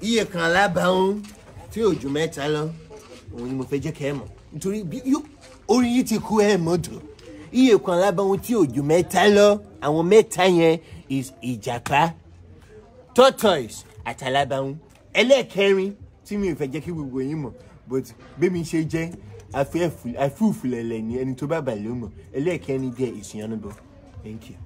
iye kan lábàáhùn tí òjò mẹ́ta lọ òun ni mo fẹ́ jẹ́ kẹ́ ẹ mọ̀ nítorí orí yìí ti kú ẹ̀ mọ́ dùn iye kan lábàáhùn tí òjò mẹ́ta lọ àwọn mẹ́ta yẹn is ìjàpá tortoise àtàlábàáhùn ẹlẹ́ẹ̀kẹrin tí mi ò fẹ́ jẹ́ kí gbogbo yín mọ̀ but bẹ́mi ṣe jẹ́ afúfúlẹ̀lẹ̀ ni ẹni tó bá bà ló mọ̀ ẹlẹ́ẹ̀kẹrin díẹ̀ ìsìnyánubọ̀ thank you.